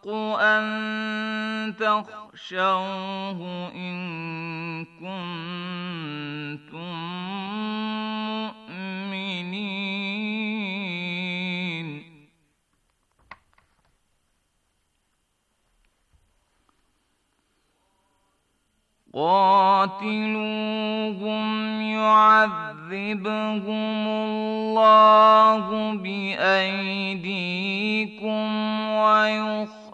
أحق أن تخشوه إن كنتم مؤمنين قاتلوهم يعذبهم الله بأيديكم ويخرجهم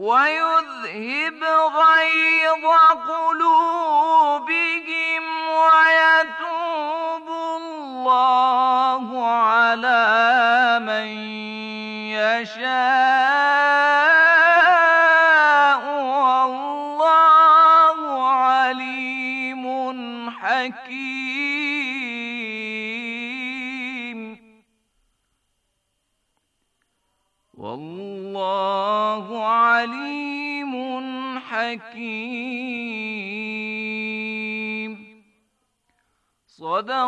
ويذهب غيظ قلوبهم ويتوب الله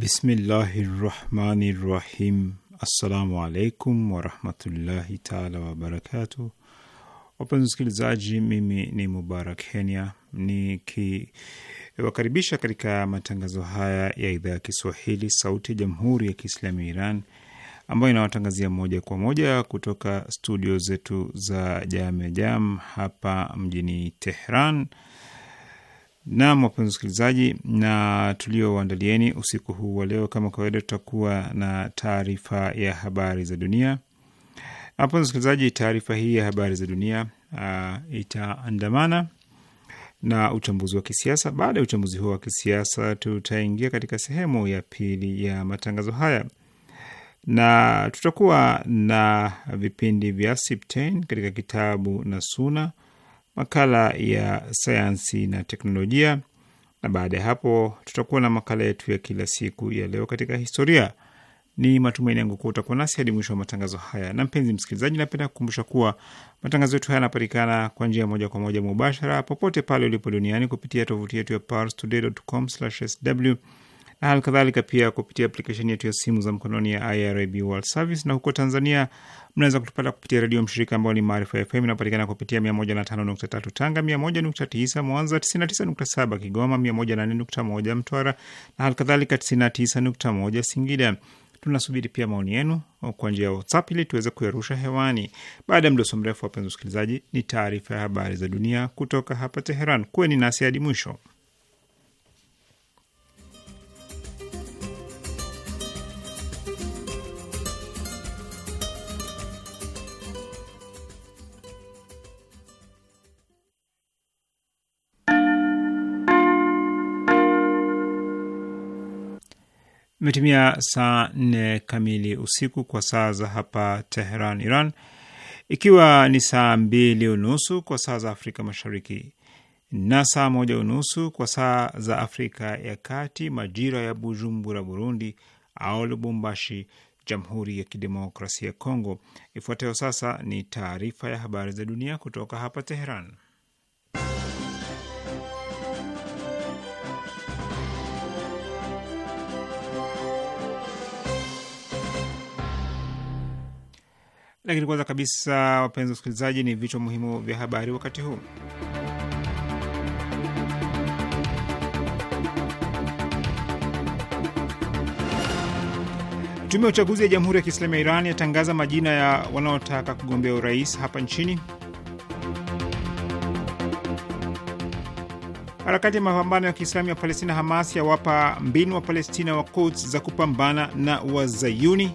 Bismillahi rahmani rahim. Assalamu alaikum warahmatullahi taala wabarakatu Wapenzi msikilizaji mimi ni Mubarak Kenya nikiwakaribisha katika matangazo haya ya idhaa ya Kiswahili sauti ya jamhuri ya Kiislamu ya Iran ambayo inawatangazia moja kwa moja kutoka studio zetu za Jamejam hapa mjini Tehran Naam, wapenzi wasikilizaji, na tulioandalieni usiku huu wa leo, kama kawaida, tutakuwa na taarifa ya habari za dunia. Wapenzi wasikilizaji, taarifa hii ya habari za dunia uh, itaandamana na uchambuzi wa kisiasa. Baada ya uchambuzi huo wa kisiasa, tutaingia katika sehemu ya pili ya matangazo haya na tutakuwa na vipindi vya Siptain katika kitabu na Suna makala ya sayansi na teknolojia, na baada ya hapo tutakuwa na makala yetu ya kila siku ya leo katika historia. Ni matumaini yangu kuwa utakuwa nasi hadi mwisho wa matangazo haya. Na mpenzi msikilizaji, napenda kukumbusha kuwa matangazo yetu haya yanapatikana kwa njia moja kwa moja mubashara popote pale ulipo duniani kupitia tovuti yetu ya parstoday.com/sw na hali kadhalika pia kupitia aplikesheni yetu ya simu za mkononi ya IRIB World Service, na huko Tanzania Mnaweza kutupata kupitia redio mshirika ambao ni Maarifa FM, inapatikana kupitia 105.3 Tanga, 101.9 Mwanza, 99.7 Kigoma, 104.1 Mtwara na halikadhalika 99.1 Singida. Tunasubiri pia maoni yenu kwa njia ya WhatsApp ili tuweze kuyarusha hewani. Baada ya mdoso mrefu, wapenzi wasikilizaji, ni taarifa ya habari za dunia kutoka hapa Teheran. Kuweni nasi hadi mwisho. Imetimia saa nne kamili usiku kwa saa za hapa Teheran, Iran, ikiwa ni saa mbili unusu kwa saa za Afrika Mashariki na saa moja unusu kwa saa za Afrika ya Kati, majira ya Bujumbura, Burundi, au Lubumbashi, Jamhuri ya Kidemokrasia ya Kongo. Ifuatayo sasa ni taarifa ya habari za dunia kutoka hapa Teheran. Lakini kwanza kabisa, wapenzi wasikilizaji, ni vichwa muhimu vya habari wakati huu. Tume ya uchaguzi ya Jamhuri ya Kiislamu ya Iran yatangaza majina ya wanaotaka kugombea urais hapa nchini. Harakati ya mapambano ya Kiislamu ya Palestina Hamas yawapa mbinu wa Palestina wa Quds za kupambana na Wazayuni.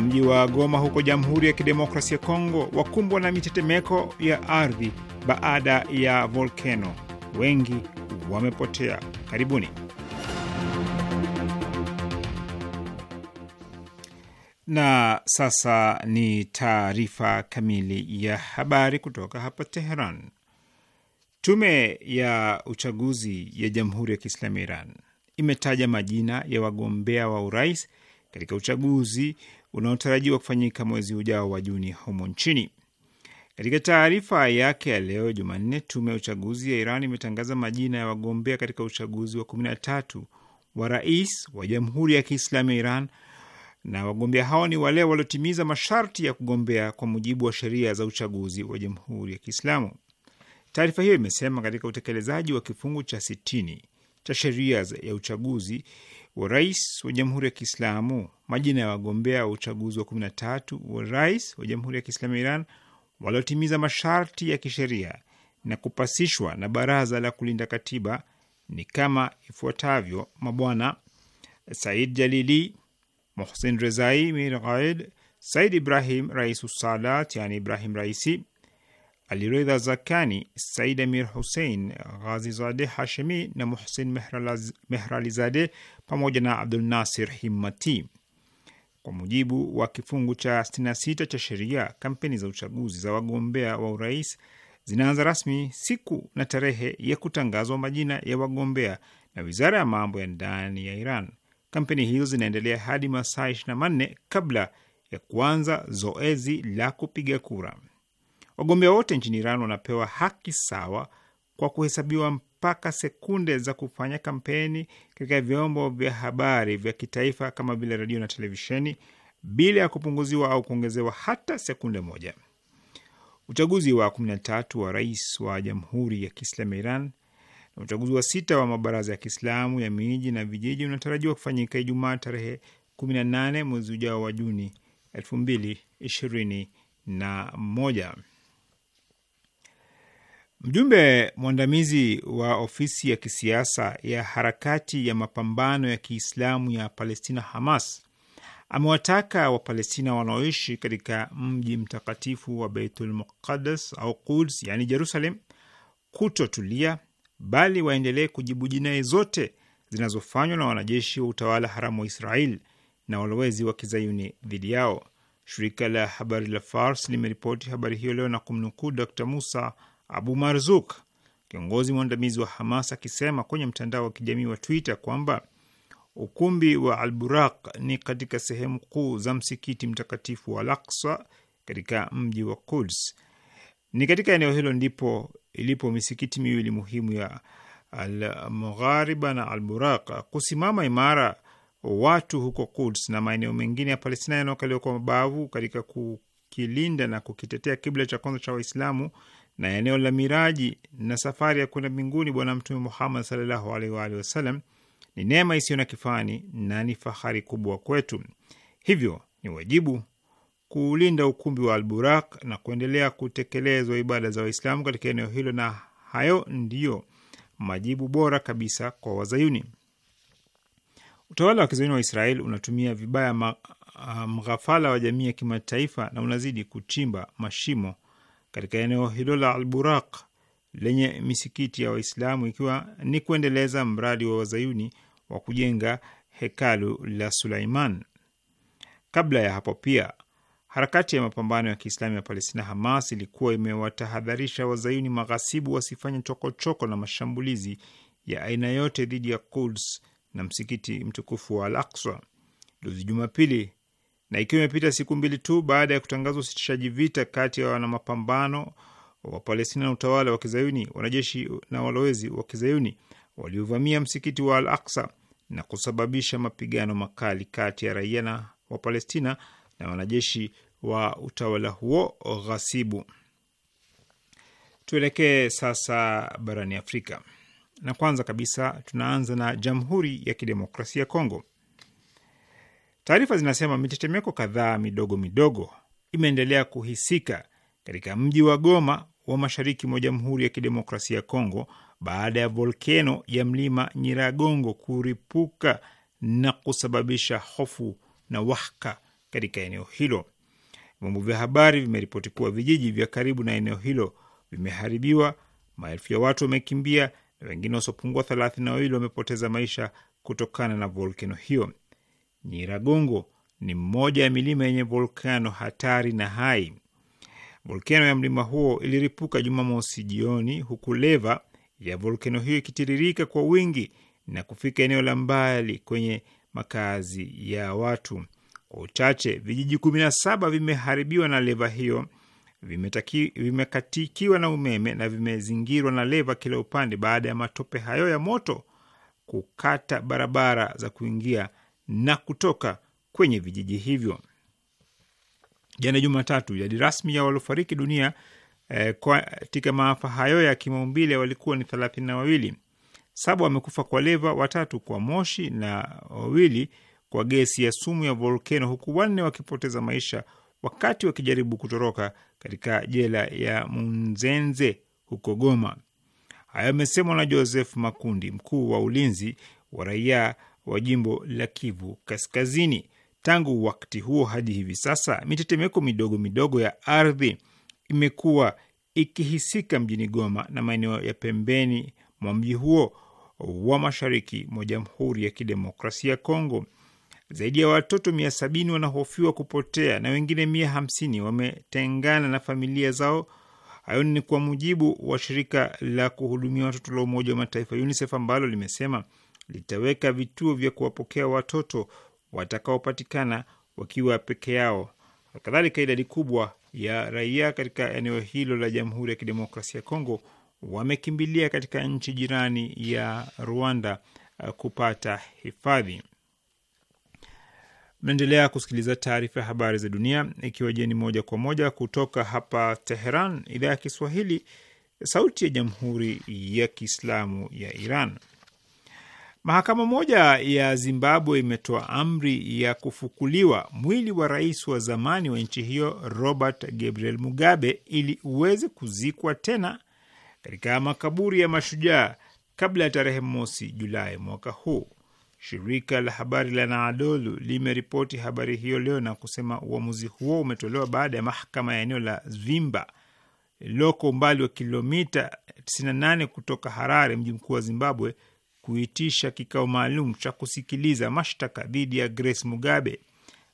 mji wa Goma huko Jamhuri ya Kidemokrasia ya Kongo wakumbwa na mitetemeko ya ardhi baada ya volkeno. Wengi wamepotea. Karibuni. Na sasa ni taarifa kamili ya habari kutoka hapa Teheran. Tume ya uchaguzi ya Jamhuri ya Kiislamu Iran imetaja majina ya wagombea wa urais katika uchaguzi unaotarajiwa kufanyika mwezi ujao wa Juni humo nchini. Katika taarifa yake ya leo Jumanne, tume ya uchaguzi ya Iran imetangaza majina ya wagombea katika uchaguzi wa tatu wa rais wa Jamhuri ya Kiislamu ya Iran, na wagombea hao ni wale waliotimiza masharti ya kugombea kwa mujibu wa sheria za uchaguzi wa Jamhuri ya Kiislamu. Taarifa hiyo imesema katika utekelezaji wa kifungu cha sitini cha sheria ya uchaguzi rais wa Jamhuri ya Kiislamu, majina ya wagombea wa uchaguzi wa kumi na tatu wa rais wa Jamhuri ya Kiislamu ya Iran waliotimiza masharti ya kisheria na kupasishwa na Baraza la Kulinda Katiba ni kama ifuatavyo: mabwana Said Jalili, Mohsen Rezai, Mirghaid, Said Ibrahim Rais Sadat, yani Ibrahim Raisi, Aliredha Zakani, Said Amir Hussein Ghazizade Hashemi na Muhsin Mehralizade pamoja na Abdul Nasir Himmati. Kwa mujibu wa kifungu cha 66 cha sheria, kampeni za uchaguzi za wagombea wa urais zinaanza rasmi siku na tarehe ya kutangazwa majina ya wagombea na wizara ya mambo ya ndani ya Iran. Kampeni hizo zinaendelea hadi masaa 24 kabla ya kuanza zoezi la kupiga kura. Wagombea wote nchini Iran wanapewa haki sawa kwa kuhesabiwa mpaka sekunde za kufanya kampeni katika vyombo vya habari vya kitaifa kama vile redio na televisheni bila ya kupunguziwa au kuongezewa hata sekunde moja. Uchaguzi wa 13 wa rais wa Jamhuri ya Kiislamu ya Iran na uchaguzi wa sita wa mabaraza ya Kiislamu ya miji na vijiji unatarajiwa kufanyika Ijumaa tarehe 18 mwezi ujao wa Juni 2021. Mjumbe mwandamizi wa ofisi ya kisiasa ya harakati ya mapambano ya Kiislamu ya Palestina, Hamas, amewataka Wapalestina wanaoishi katika mji mtakatifu wa Beitul Muqaddas au Quds, yani Jerusalem, kutotulia bali waendelee kujibu jinai zote zinazofanywa na wanajeshi wa utawala haramu wa Israel na walowezi wa kizayuni dhidi yao. Shirika la habari la Fars limeripoti habari hiyo leo na kumnukuu Dr Musa Abu Marzuk, kiongozi mwandamizi wa Hamas, akisema kwenye mtandao wa kijamii wa Twitter kwamba ukumbi wa Alburaq ni katika sehemu kuu za msikiti mtakatifu wa Al-Aqsa katika mji wa Quds. Ni katika eneo hilo ndipo ilipo misikiti miwili muhimu ya Al-Mughariba na Al-Buraq. Kusimama imara watu huko Quds na maeneo mengine ya Palestina yanayokaliwa kwa mabavu katika kukilinda na kukitetea kibla cha kwanza cha Waislamu na eneo la miraji na safari ya kwenda mbinguni Bwana Mtume Muhammad sallallahu alaihi wa alihi wasallam ni neema isiyo na kifani na ni fahari kubwa kwetu. Hivyo ni wajibu kuulinda ukumbi wa Alburaq na kuendelea kutekelezwa ibada za Waislamu katika eneo hilo, na hayo ndiyo majibu bora kabisa kwa Wazayuni. Utawala wa kizayuni wa Israeli unatumia vibaya ah, mghafala wa jamii ya kimataifa na unazidi kuchimba mashimo katika eneo hilo la Alburaq lenye misikiti ya Waislamu, ikiwa ni kuendeleza mradi wa wazayuni wa kujenga hekalu la Sulaiman. Kabla ya hapo pia harakati ya mapambano ya Kiislamu ya Palestina, Hamas, ilikuwa imewatahadharisha wazayuni maghasibu wasifanye chokochoko na mashambulizi ya aina yote dhidi ya Quds na msikiti mtukufu wa Al Aqsa. Juzi Jumapili, na ikiwa imepita siku mbili tu baada ya kutangazwa usitishaji vita kati ya wanamapambano wa Palestina na utawala wa Kizayuni, wanajeshi na walowezi wa Kizayuni waliovamia msikiti wa Al Aksa na kusababisha mapigano makali kati ya raia na Wapalestina na wanajeshi wa utawala huo ghasibu. Tuelekee sasa barani Afrika, na kwanza kabisa tunaanza na Jamhuri ya Kidemokrasia ya Kongo. Taarifa zinasema mitetemeko kadhaa midogo midogo imeendelea kuhisika katika mji wa Goma wa mashariki mwa Jamhuri ya Kidemokrasia ya Kongo baada ya volkeno ya mlima Nyiragongo kuripuka na kusababisha hofu na wahaka katika eneo hilo. Vyombo vya habari vimeripoti kuwa vijiji vya karibu na eneo hilo vimeharibiwa, maelfu ya watu wamekimbia na wengine wasiopungua thelathini na wawili wamepoteza maisha kutokana na volkeno hiyo. Nyiragongo ni mmoja ya milima yenye volkano hatari na hai. Volkano ya mlima huo iliripuka Jumamosi jioni, huku leva ya volkano hiyo ikitiririka kwa wingi na kufika eneo la mbali kwenye makazi ya watu. Kwa uchache, vijiji kumi na saba vimeharibiwa na leva hiyo, vimekatikiwa na umeme na vimezingirwa na leva kila upande baada ya matope hayo ya moto kukata barabara za kuingia na kutoka kwenye vijiji hivyo. Jana Jumatatu, idadi rasmi ya waliofariki dunia eh, katika maafa hayo ya kimaumbile walikuwa ni thelathini na wawili. Saba wamekufa kwa leva, watatu kwa moshi na wawili kwa gesi ya sumu ya volkeno, huku wanne wakipoteza maisha wakati wakijaribu kutoroka katika jela ya Munzenze huko Goma. Hayo amesemwa na Joseph Makundi, mkuu wa ulinzi wa raia wa jimbo la Kivu Kaskazini. Tangu wakati huo hadi hivi sasa, mitetemeko midogo midogo ya ardhi imekuwa ikihisika mjini Goma na maeneo ya pembeni mwa mji huo wa mashariki mwa Jamhuri ya Kidemokrasia ya Kongo. Zaidi ya watoto mia sabini wanahofiwa kupotea na wengine mia hamsini wametengana na familia zao. Hayo ni kwa mujibu wa shirika la kuhudumia watoto la Umoja wa Mataifa UNICEF ambalo limesema litaweka vituo vya kuwapokea watoto watakaopatikana wakiwa peke yao. Kadhalika, idadi kubwa ya raia katika eneo hilo la Jamhuri ya Kidemokrasia ya Kongo wamekimbilia katika nchi jirani ya Rwanda uh, kupata hifadhi. Mnaendelea kusikiliza taarifa ya habari za dunia ikiwa jeni moja kwa moja kutoka hapa Teheran, idhaa ya Kiswahili, sauti ya Jamhuri ya Kiislamu ya Iran. Mahakama moja ya Zimbabwe imetoa amri ya kufukuliwa mwili wa rais wa zamani wa nchi hiyo Robert Gabriel Mugabe ili uweze kuzikwa tena katika makaburi ya mashujaa kabla ya tarehe mosi Julai mwaka huu. Shirika la habari la Naadolu limeripoti habari hiyo leo na kusema uamuzi huo umetolewa baada ya mahakama ya eneo la zimba lililoko umbali wa kilomita 98 kutoka Harare, mji mkuu wa Zimbabwe, kuitisha kikao maalum cha kusikiliza mashtaka dhidi ya Grace Mugabe,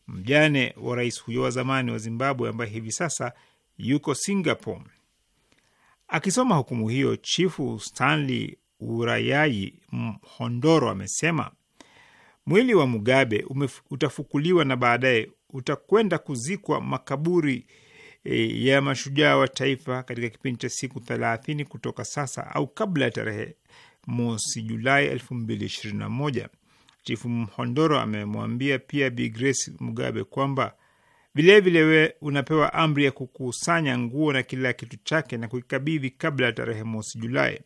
mjane wa rais huyo wa zamani wa Zimbabwe ambaye hivi sasa yuko Singapore. Akisoma hukumu hiyo, Chifu Stanley urayai Mhondoro amesema mwili wa Mugabe utafukuliwa na baadaye utakwenda kuzikwa makaburi e, ya mashujaa wa taifa katika kipindi cha siku thelathini kutoka sasa au kabla ya tarehe mosi Julai 2021. Chifu Mhondoro amemwambia pia Bi Grace Mugabe kwamba vilevile we unapewa amri ya kukusanya nguo na kila kitu chake na kuikabidhi kabla ya tarehe mosi Julai.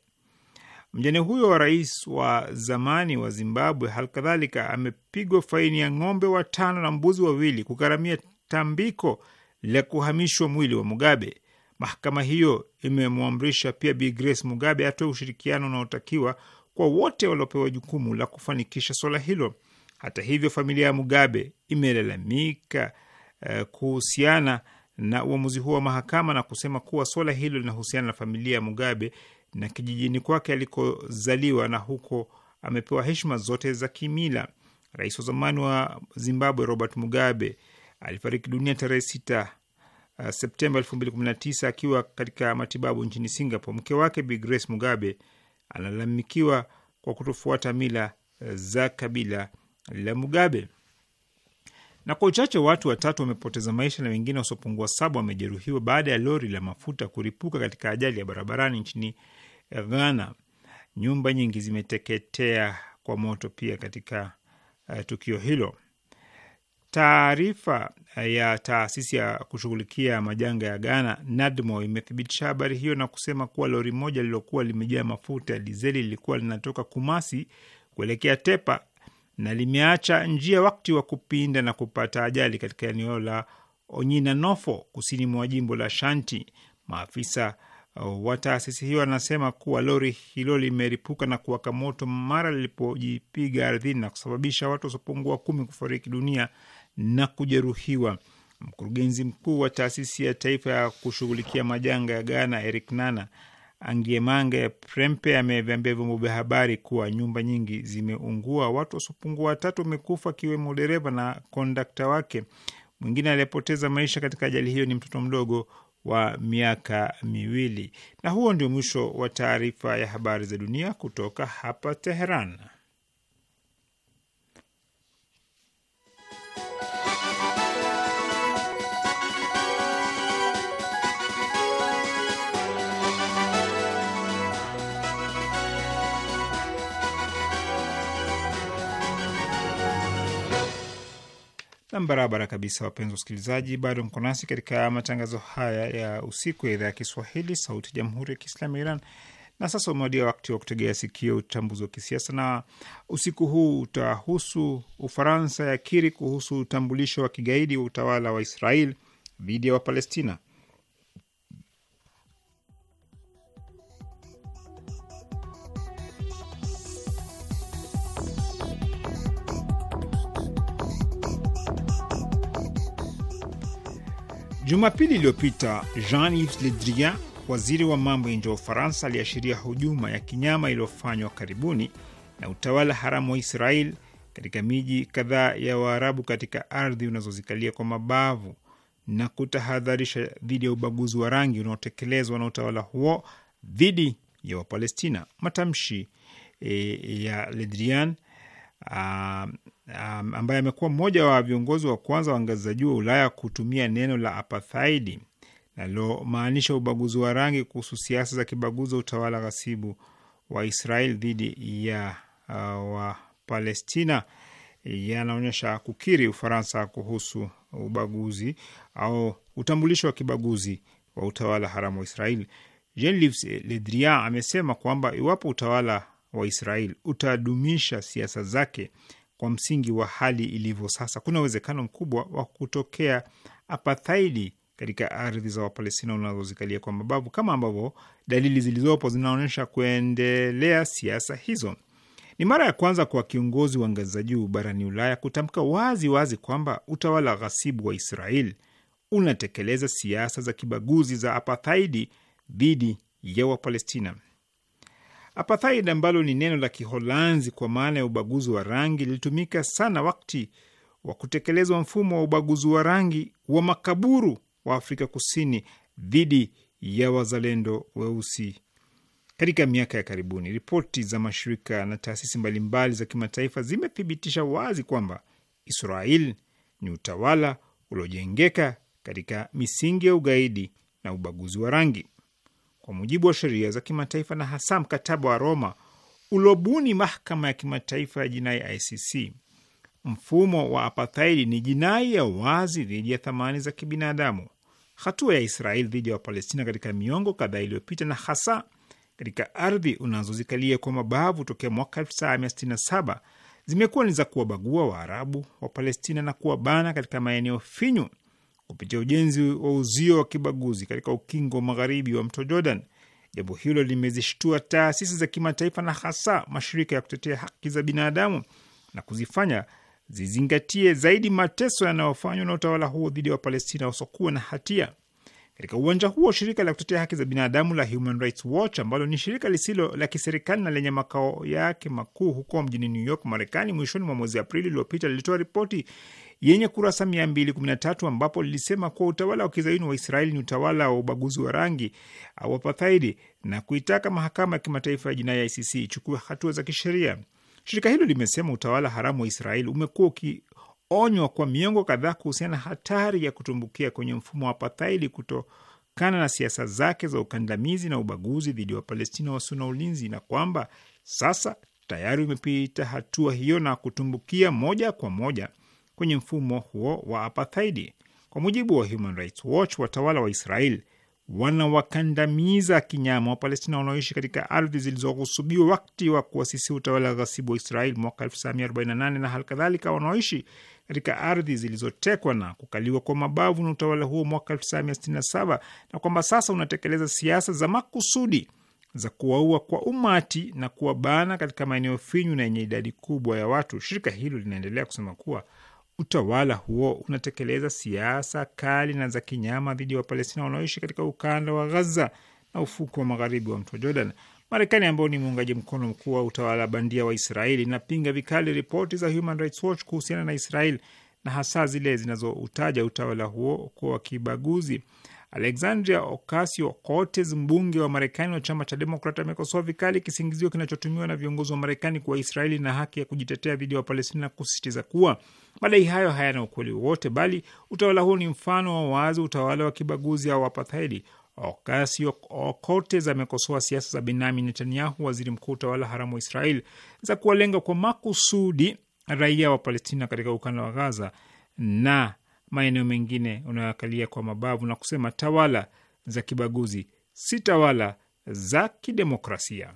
Mjane huyo wa rais wa zamani wa Zimbabwe halikadhalika amepigwa faini ya ng'ombe watano na mbuzi wawili kugharamia tambiko la kuhamishwa mwili wa Mugabe. Mahakama hiyo imemwamrisha pia Bi Grace Mugabe atoe ushirikiano unaotakiwa kwa wote waliopewa jukumu la kufanikisha swala hilo. Hata hivyo, familia ya Mugabe imelalamika uh, kuhusiana na uamuzi huo wa mahakama na kusema kuwa swala hilo linahusiana na familia ya Mugabe na kijijini kwake alikozaliwa na huko amepewa heshima zote za kimila. Rais wa zamani wa Zimbabwe Robert Mugabe alifariki dunia tarehe sita Uh, Septemba 2019 akiwa katika matibabu nchini Singapore. Mke wake Bi Grace Mugabe analalamikiwa kwa kutofuata mila uh, za kabila la Mugabe. Na kwa uchache watu watatu wamepoteza maisha na wengine wasiopungua saba wamejeruhiwa baada ya lori la mafuta kuripuka katika ajali ya barabarani nchini uh, Ghana. Nyumba nyingi zimeteketea kwa moto pia katika uh, tukio hilo. Taarifa ya taasisi ya kushughulikia majanga ya Ghana, NADMO, imethibitisha habari hiyo na kusema kuwa lori moja lililokuwa limejaa mafuta ya dizeli lilikuwa linatoka Kumasi kuelekea Tepa na limeacha njia wakati wa kupinda na kupata ajali katika eneo la Onyina Nofo, kusini mwa jimbo la Shanti. Maafisa uh, wa taasisi hiyo anasema kuwa lori hilo limeripuka na kuwaka moto mara lilipojipiga ardhini na kusababisha watu wasiopungua kumi kufariki dunia na kujeruhiwa. Mkurugenzi mkuu wa taasisi ya taifa ya kushughulikia majanga ya Ghana, Eric Nana Angiemange prempe ameviambia vyombo vya habari kuwa nyumba nyingi zimeungua, watu wasiopungua watatu wamekufa, akiwemo dereva na kondakta wake. Mwingine aliyepoteza maisha katika ajali hiyo ni mtoto mdogo wa miaka miwili. Na huo ndio mwisho wa taarifa ya habari za dunia kutoka hapa Teheran. barabara kabisa, wapenzi wasikilizaji, bado mko nasi katika matangazo haya ya usiku ya idhaa ya Kiswahili, Sauti ya Jamhuri ya Kiislamu ya Iran. Na sasa umewadia wakati wa kutegea sikio utambuzi wa kisiasa, na usiku huu utahusu Ufaransa yakiri kuhusu utambulisho wa kigaidi wa utawala wa Israel dhidi ya Wapalestina. Jumapili iliyopita Jean-Yves Le Drian, waziri wa mambo ya nje wa Ufaransa, aliashiria hujuma ya kinyama iliyofanywa karibuni na utawala haramu wa Israel katika miji kadhaa ya Waarabu katika ardhi unazozikalia kwa mabavu na kutahadharisha dhidi ya ubaguzi wa rangi unaotekelezwa na utawala huo dhidi ya Wapalestina. Matamshi e, ya Le Drian ah, um, ambaye amekuwa mmoja wa viongozi wa kwanza wa ngazi za juu wa Ulaya kutumia neno la apathaidi nalomaanisha ubaguzi wa rangi kuhusu siasa za kibaguzi wa utawala ghasibu wa Israel dhidi ya uh, wa Palestina yanaonyesha kukiri Ufaransa kuhusu ubaguzi au utambulisho wa kibaguzi wa utawala haramu wa Israel. Jean-Yves Le Drian amesema kwamba iwapo utawala wa Israel utadumisha siasa zake kwa msingi wa hali ilivyo sasa, kuna uwezekano mkubwa wa kutokea apathaidi katika ardhi za Wapalestina unazozikalia kwa mabavu, kama ambavyo dalili zilizopo zinaonyesha kuendelea siasa hizo. Ni mara ya kwanza kwa kiongozi wa ngazi za juu barani Ulaya kutamka wazi wazi kwamba utawala ghasibu wa Israel unatekeleza siasa za kibaguzi za apathaidi dhidi ya Wapalestina. Apartheid ambalo ni neno la Kiholanzi kwa maana ya ubaguzi wa rangi lilitumika sana wakati wa kutekelezwa mfumo wa ubaguzi wa rangi wa makaburu wa Afrika Kusini dhidi ya wazalendo weusi. Katika miaka ya karibuni, ripoti za mashirika na taasisi mbalimbali za kimataifa zimethibitisha wazi kwamba Israel ni utawala uliojengeka katika misingi ya ugaidi na ubaguzi wa rangi kwa mujibu wa sheria za kimataifa na hasa mkataba wa Roma uliobuni mahakama ya kimataifa ya jinai ICC. Mfumo wa apathaidi ni jinai ya wazi dhidi ya thamani za kibinadamu. Hatua ya Israeli dhidi ya Wapalestina katika miongo kadhaa iliyopita na hasa katika ardhi unazozikalia kwa mabavu tokea mwaka 1967 zimekuwa ni za kuwabagua Waarabu wa Palestina na kuwabana katika maeneo finyu kupitia ujenzi wa uzio wa kibaguzi katika ukingo wa magharibi wa mto Jordan. Jambo hilo limezishtua taasisi za kimataifa na hasa mashirika ya kutetea haki za binadamu na kuzifanya zizingatie zaidi mateso yanayofanywa na utawala huo dhidi ya Wapalestina wasokuwa na hatia. Katika uwanja huo, shirika la kutetea haki za binadamu la Human Rights Watch ambalo ni shirika lisilo la kiserikali na lenye makao yake makuu huko mjini New York, Marekani, mwishoni mwa mwezi Aprili iliyopita lilitoa ripoti yenye kurasa 213 ambapo lilisema kuwa utawala wa kizayuni wa Israeli ni utawala wa ubaguzi wa rangi au apathaidi na kuitaka mahakama ya kimataifa ya jinai ya ICC ichukue hatua za kisheria. Shirika hilo limesema utawala haramu wa Israeli umekuwa ukionywa kwa miongo kadhaa kuhusiana na hatari ya kutumbukia kwenye mfumo wa apathaidi kutokana na siasa zake za ukandamizi na ubaguzi dhidi ya Wapalestina wasio na ulinzi na kwamba sasa tayari umepita hatua hiyo na kutumbukia moja kwa moja kwenye mfumo huo wa apathaidi. Kwa mujibu wa Human Rights Watch, watawala wa Israel wanawakandamiza kinyama Wapalestina wanaoishi katika ardhi zilizohusubiwa wakati wa kuasisi utawala ghasibu wa Israel mwaka 1948 na halikadhalika wanaoishi katika ardhi zilizotekwa na kukaliwa kwa mabavu na utawala huo mwaka 1967 na kwamba sasa unatekeleza siasa za makusudi za kuwaua kwa umati na kuwabana katika maeneo finyu na yenye idadi kubwa ya watu. Shirika hilo linaendelea kusema kuwa Utawala huo unatekeleza siasa kali na za kinyama dhidi ya Wapalestina wanaoishi katika ukanda wa Ghaza na ufuko wa magharibi wa mto Jordan. Marekani ambao ni muungaji mkono mkuu wa utawala bandia wa Israeli inapinga vikali ripoti za Human Rights Watch kuhusiana na Israeli na hasa zile zinazoutaja utawala huo kuwa wa kibaguzi. Alexandria Ocasio Cortez, mbunge wa Marekani wa chama cha Demokrat, amekosoa vikali kisingizio kinachotumiwa na viongozi wa Marekani kwa Israeli na haki ya kujitetea dhidi ya Wapalestina na kusisitiza kuwa madai hayo hayana ukweli wowote, bali utawala huo ni mfano wa wazi utawala wa kibaguzi au apathaidi. Ocasio Cortez amekosoa siasa za Benyamin Netanyahu, waziri mkuu utawala haramu wa Israel, za kuwalenga kwa makusudi raia wa Palestina katika ukanda wa Gaza na maeneo mengine unayoakalia kwa mabavu na kusema tawala za kibaguzi si tawala za kidemokrasia.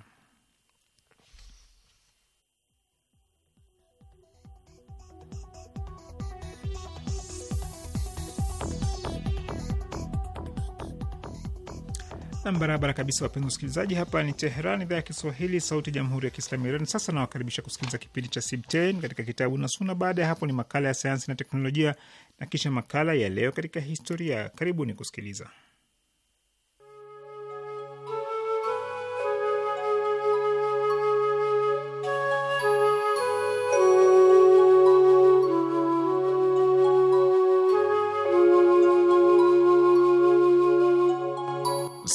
Nam, barabara kabisa, wapenzi wasikilizaji, hapa ni Teheran, idhaa ya Kiswahili, sauti ya jamhuri ya kiislamu Iran. Sasa nawakaribisha kusikiliza kipindi cha Sibtein katika kitabu na Suna. Baada ya hapo ni makala ya sayansi na teknolojia na kisha makala ya leo katika historia. Karibuni kusikiliza.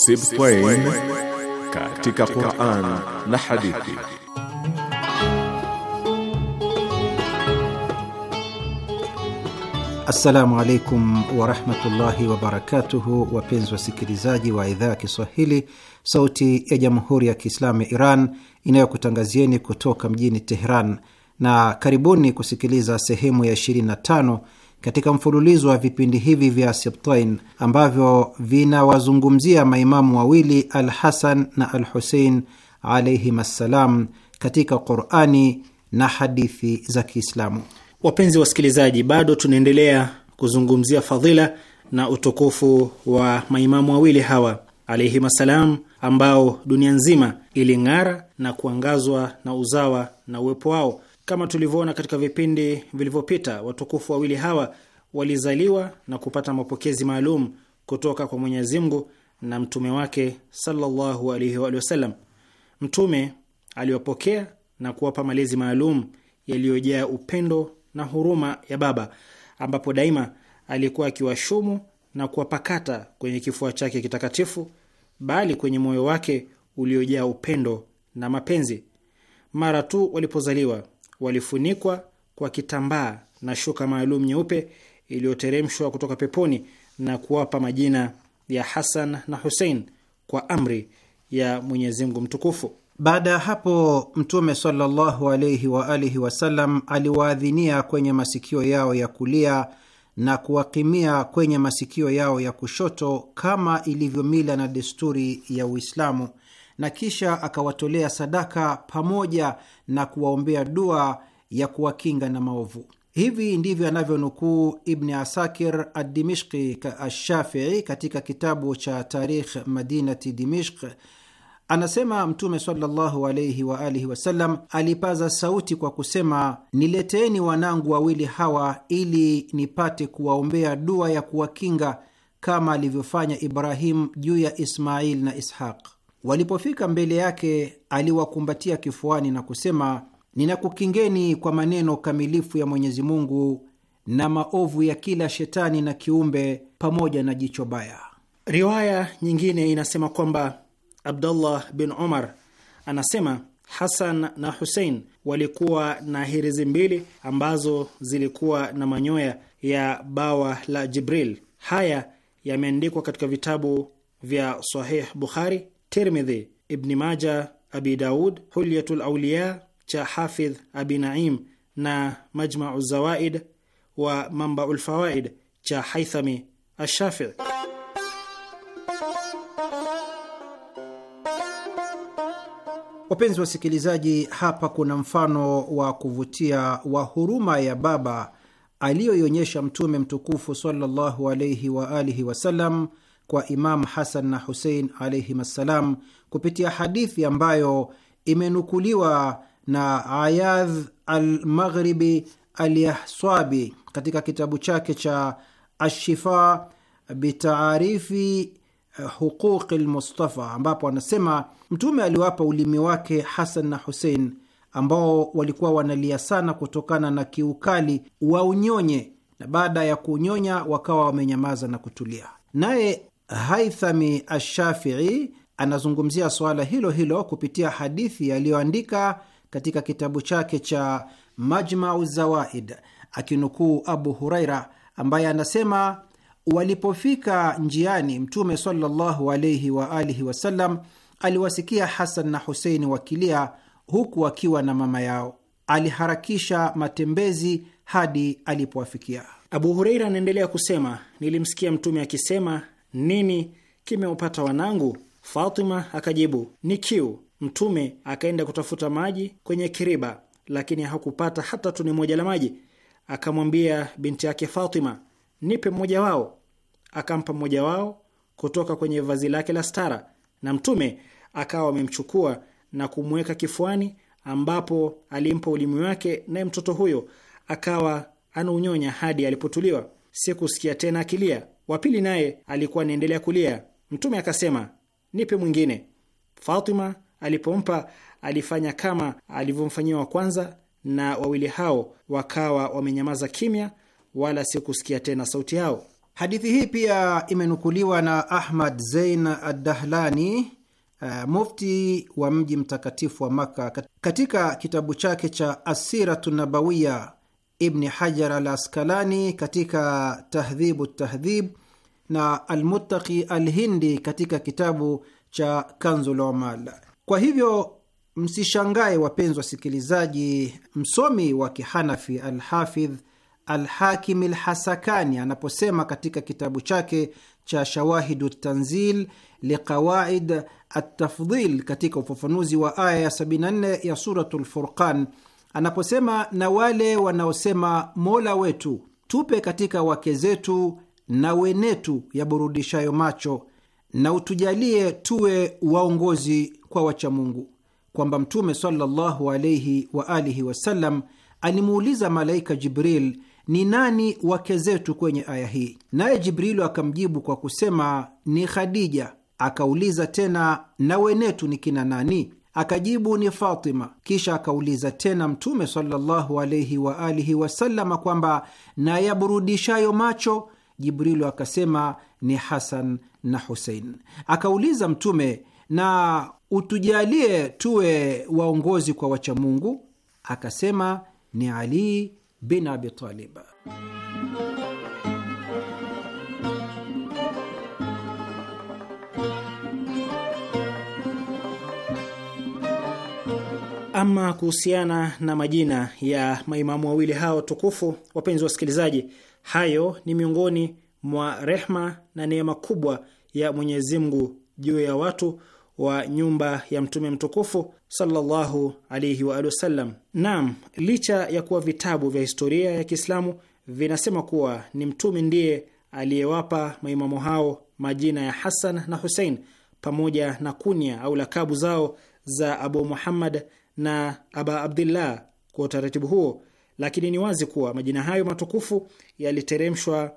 Sibtain katika Qur'an na hadithi. Assalamu alaikum warahmatullahi wabarakatuhu, wapenzi wasikilizaji wa idhaa ya Kiswahili, sauti ya jamhuri ya kiislamu ya Iran inayokutangazieni kutoka mjini Teheran, na karibuni kusikiliza sehemu ya 25 katika mfululizo wa vipindi hivi vya Sibtain ambavyo vinawazungumzia maimamu wawili Al Hasan na Al Husein alaihim assalam katika Qurani na hadithi za Kiislamu. Wapenzi wasikilizaji, bado tunaendelea kuzungumzia fadhila na utukufu wa maimamu wawili hawa alaihim assalam, ambao dunia nzima iling'ara na kuangazwa na uzawa na uwepo wao kama tulivyoona katika vipindi vilivyopita, watukufu wawili hawa walizaliwa na kupata mapokezi maalum kutoka kwa Mwenyezi Mungu na mtume wake sallallahu alaihi wa sallam. Mtume aliwapokea na kuwapa malezi maalum yaliyojaa upendo na huruma ya baba, ambapo daima alikuwa akiwashumu na kuwapakata kwenye kifua chake kitakatifu, bali kwenye moyo wake uliojaa upendo na mapenzi. Mara tu walipozaliwa walifunikwa kwa kitambaa na shuka maalum nyeupe iliyoteremshwa kutoka peponi na kuwapa majina ya Hasan na Husein kwa amri ya Mwenyezi Mungu mtukufu. Baada ya hapo Mtume sallallahu alaihi wa alihi wasallam aliwaadhinia kwenye masikio yao ya kulia na kuwakimia kwenye masikio yao ya kushoto kama ilivyo mila na desturi ya Uislamu na kisha akawatolea sadaka pamoja na kuwaombea dua ya kuwakinga na maovu. Hivi ndivyo anavyonukuu Ibni Asakir Adimishki Ashafii katika kitabu cha Tarikh Madinati Dimishk. Anasema Mtume sallallahu wa alihi wasallam alipaza sauti kwa kusema, nileteeni wanangu wawili hawa ili nipate kuwaombea dua ya kuwakinga kama alivyofanya Ibrahimu juu ya Ismail na Ishaq. Walipofika mbele yake, aliwakumbatia kifuani na kusema, ninakukingeni kwa maneno kamilifu ya Mwenyezi Mungu na maovu ya kila shetani na kiumbe pamoja na jicho baya. Riwaya nyingine inasema kwamba Abdullah bin Umar anasema Hasan na Husein walikuwa na hirizi mbili ambazo zilikuwa na manyoya ya bawa la Jibril. Haya yameandikwa katika vitabu vya Sahih Bukhari Tirmidhi, Ibni Maja, Abi Daud, Hulyatul Auliya cha Hafidh Abi Naim na Majmau Zawaid wa Mambaul Fawaid cha Haithami Ashafii. Wapenzi wasikilizaji, hapa kuna mfano wa kuvutia wa huruma ya baba aliyoionyesha Mtume mtukufu sallallahu alaihi wa alihi wasallam kwa Imam Hasan na Husein alaihim assalam kupitia hadithi ambayo imenukuliwa na Ayadh Almaghribi Alyahswabi katika kitabu chake cha Ashifa bitaarifi eh, huquqi lmustafa, ambapo anasema Mtume aliwapa ulimi wake Hasan na Husein ambao walikuwa wanalia sana kutokana na kiukali wa unyonye, na baada ya kunyonya wakawa wamenyamaza na kutulia. Naye Haithami Ashafii anazungumzia suala hilo hilo kupitia hadithi aliyoandika katika kitabu chake cha Majmau Zawaid akinukuu Abu Huraira ambaye anasema walipofika njiani, Mtume sallallahu alaihi wa alihi wasallam aliwasikia Hasan na Huseini wakilia huku wakiwa na mama yao. Aliharakisha matembezi hadi alipowafikia. Abu Hureira anaendelea kusema, nilimsikia Mtume akisema nini kimeupata wanangu? Fatima akajibu ni kiu. Mtume akaenda kutafuta maji kwenye kiriba, lakini hakupata hata tuni moja la maji. Akamwambia binti yake Fatima, nipe mmoja wao. Akampa mmoja wao kutoka kwenye vazi lake la stara, na Mtume akawa amemchukua na kumweka kifuani, ambapo alimpa ulimi wake, naye mtoto huyo akawa anaunyonya hadi alipotuliwa. Sikusikia tena akilia. Wa pili naye alikuwa anaendelea kulia. Mtume akasema, nipe mwingine. Fatima alipompa alifanya kama alivyomfanyia wa kwanza, na wawili hao wakawa wamenyamaza kimya, wala si kusikia tena sauti yao. Hadithi hii pia imenukuliwa na Ahmad Zein adahlani uh, eh, mufti wa mji mtakatifu wa Makka, katika kitabu chake cha Asiratu Nabawiya Ibni Hajar al Askalani katika Tahdhibu Tahdhib na Almuttaqi Alhindi katika kitabu cha Kanzul Omal. Kwa hivyo msishangae, wapenzi wasikilizaji, msomi wa Kihanafi Alhafidh Alhakim Alhasakani anaposema katika kitabu chake cha Shawahidu Tanzil Liqawaid Atafdhil katika ufafanuzi wa aya ya 74 ya Suratu Lfurqan anaposema, na wale wanaosema Mola wetu, tupe katika wake zetu na wenetu yaburudishayo macho na utujalie tuwe waongozi kwa wachamungu, kwamba Mtume sallallahu alaihi wa alihi wasallam alimuuliza malaika Jibril ni nani wake zetu kwenye aya hii, naye Jibrilu akamjibu kwa kusema ni Khadija. Akauliza tena na wenetu ni kina nani? Akajibu, ni Fatima. Kisha akauliza tena Mtume sallallahu alaihi wa alihi wasallama kwamba na yaburudishayo macho. Jibrilu akasema ni Hasan na Husein. Akauliza Mtume, na utujalie tuwe waongozi kwa wachamungu? Akasema ni Ali bin Abi Talib. Ama kuhusiana na majina ya maimamu wawili hao tukufu, wapenzi wa wasikilizaji, hayo ni miongoni mwa rehma na neema kubwa ya Mwenyezi Mungu juu ya watu wa nyumba ya mtume mtukufu sallallahu alaihi wa alihi wasallam. Naam, licha ya kuwa vitabu vya historia ya Kiislamu vinasema kuwa ni mtume ndiye aliyewapa maimamu hao majina ya Hasan na Husein pamoja na kunya au lakabu zao za Abu Muhammad na Aba Abdillah kwa utaratibu huo, lakini ni wazi kuwa majina hayo matukufu yaliteremshwa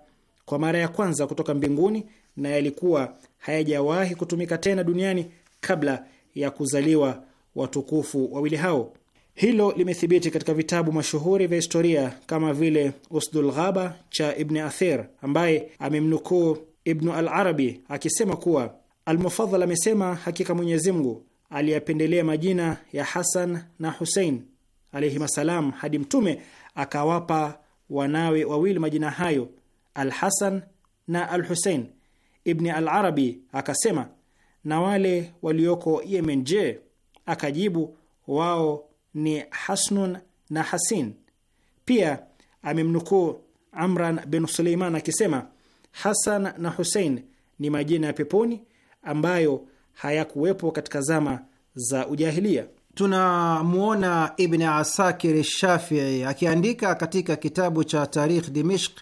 kwa mara ya kwanza kutoka mbinguni na yalikuwa hayajawahi kutumika tena duniani kabla ya kuzaliwa watukufu wawili hao. Hilo limethibiti katika vitabu mashuhuri vya historia kama vile Usdul Ghaba cha Ibn Athir, ambaye amemnukuu Ibnu al Arabi akisema kuwa Almufadhal amesema, hakika Mwenyezi Mungu aliyapendelea majina ya Hasan na Husein assalam hadi Mtume akawapa wanawe wawili majina hayo Al Hasan na Al Husein. Ibni Al Arabi akasema, na wale walioko Yemen je? Akajibu, wao ni Hasnun na Hasin. Pia amemnukuu Amran bin Suleiman akisema, Hasan na Husein ni majina ya peponi ambayo hayakuwepo katika zama za ujahilia. Tunamwona Ibn Asakir Shafii akiandika katika kitabu cha Tarikh Dimishk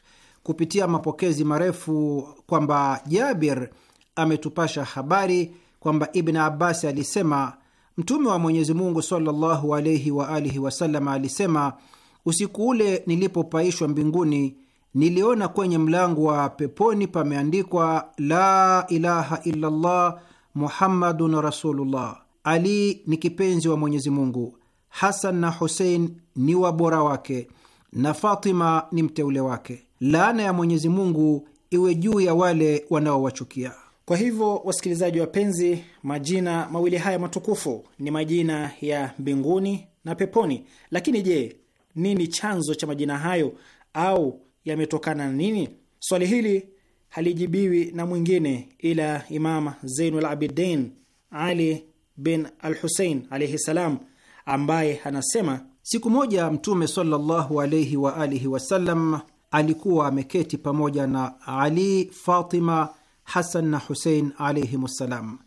kupitia mapokezi marefu kwamba Jabir ametupasha habari kwamba Ibn Abbas alisema Mtume wa Mwenyezi Mungu sallallahu alaihi wa alihi wasallam alisema, usiku ule nilipopaishwa mbinguni niliona kwenye mlango wa peponi pameandikwa la ilaha illallah Muhammadun Rasulullah. Ali ni kipenzi wa Mwenyezi Mungu, Hasan na Husein ni wabora wake, na Fatima ni mteule wake. Laana ya Mwenyezi Mungu iwe juu ya wale wanaowachukia. Kwa hivyo, wasikilizaji wapenzi, majina mawili haya matukufu ni majina ya mbinguni na peponi. Lakini je, nini chanzo cha majina hayo au yametokana na nini? Swali hili halijibiwi na mwingine ila Imam Zainul Abidin Ali bin al Husein alaihi salam, ambaye anasema siku moja Mtume sallallahu alaihi wa alihi wasallam alikuwa ameketi pamoja na Ali, Fatima, Hasan na Husein ssalam.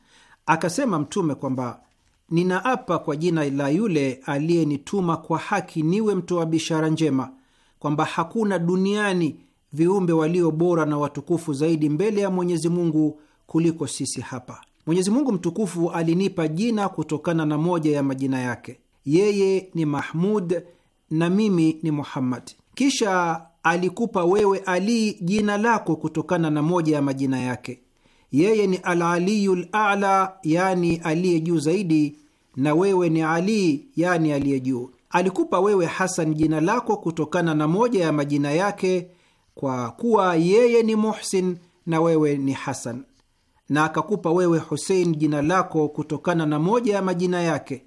Akasema Mtume kwamba ninaapa kwa jina la yule aliyenituma kwa haki niwe mtoa bishara njema kwamba hakuna duniani viumbe walio bora na watukufu zaidi mbele ya Mwenyezi Mungu kuliko sisi hapa. Mwenyezi Mungu mtukufu alinipa jina kutokana na moja ya majina yake. Yeye ni Mahmud na mimi ni Muhammad. Kisha alikupa wewe Ali jina lako kutokana na moja ya majina yake. Yeye ni al l A'la, yani aliye juu zaidi, na wewe ni Ali, yani aliye juu. Alikupa wewe Hasan jina lako kutokana na moja ya majina yake kwa kuwa yeye ni Muhsin na wewe ni Hasan, na akakupa wewe Husein jina lako kutokana na moja ya majina yake,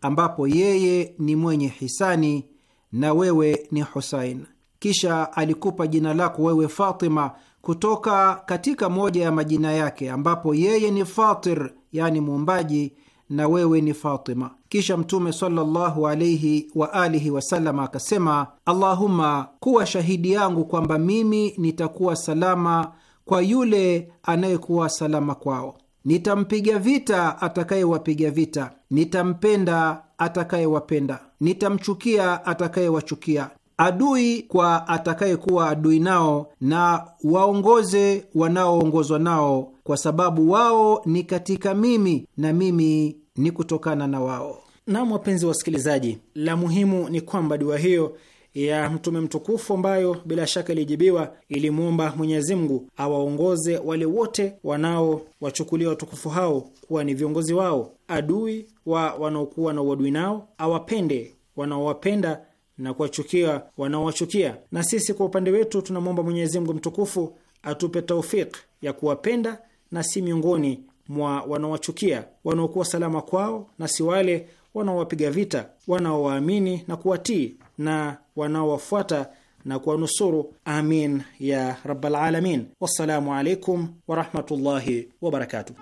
ambapo yeye ni mwenye hisani na wewe ni Husain. Kisha alikupa jina lako wewe Fatima kutoka katika moja ya majina yake, ambapo yeye ni Fatir, yani muumbaji na wewe ni Fatima. Kisha Mtume sallallahu alaihi wa alihi wasallam akasema, Allahumma, kuwa shahidi yangu kwamba mimi nitakuwa salama kwa yule anayekuwa salama kwao, nitampiga vita atakayewapiga vita, nitampenda atakayewapenda, nitamchukia atakayewachukia adui kwa atakayekuwa adui nao na waongoze wanaoongozwa nao, kwa sababu wao ni katika mimi na mimi ni kutokana na wao. Naam, wapenzi wa wasikilizaji, la muhimu ni kwamba dua hiyo ya Mtume mtukufu ambayo bila shaka ilijibiwa, ilimwomba Mwenyezi Mungu awaongoze wale wote wanaowachukulia watukufu hao kuwa ni viongozi wao, adui wa wanaokuwa na uadui nao, awapende wanaowapenda na kuwachukia wanaowachukia. Na sisi kwa upande wetu tunamwomba Mwenyezi Mungu mtukufu atupe taufik ya kuwapenda na si miongoni mwa wanaowachukia, wanaokuwa salama kwao na si wale wanaowapiga vita, wanaowaamini na kuwatii na wanaowafuata na kuwanusuru. Amin ya rabbal alamin. Wassalamu alaikum warahmatullahi wabarakatuh.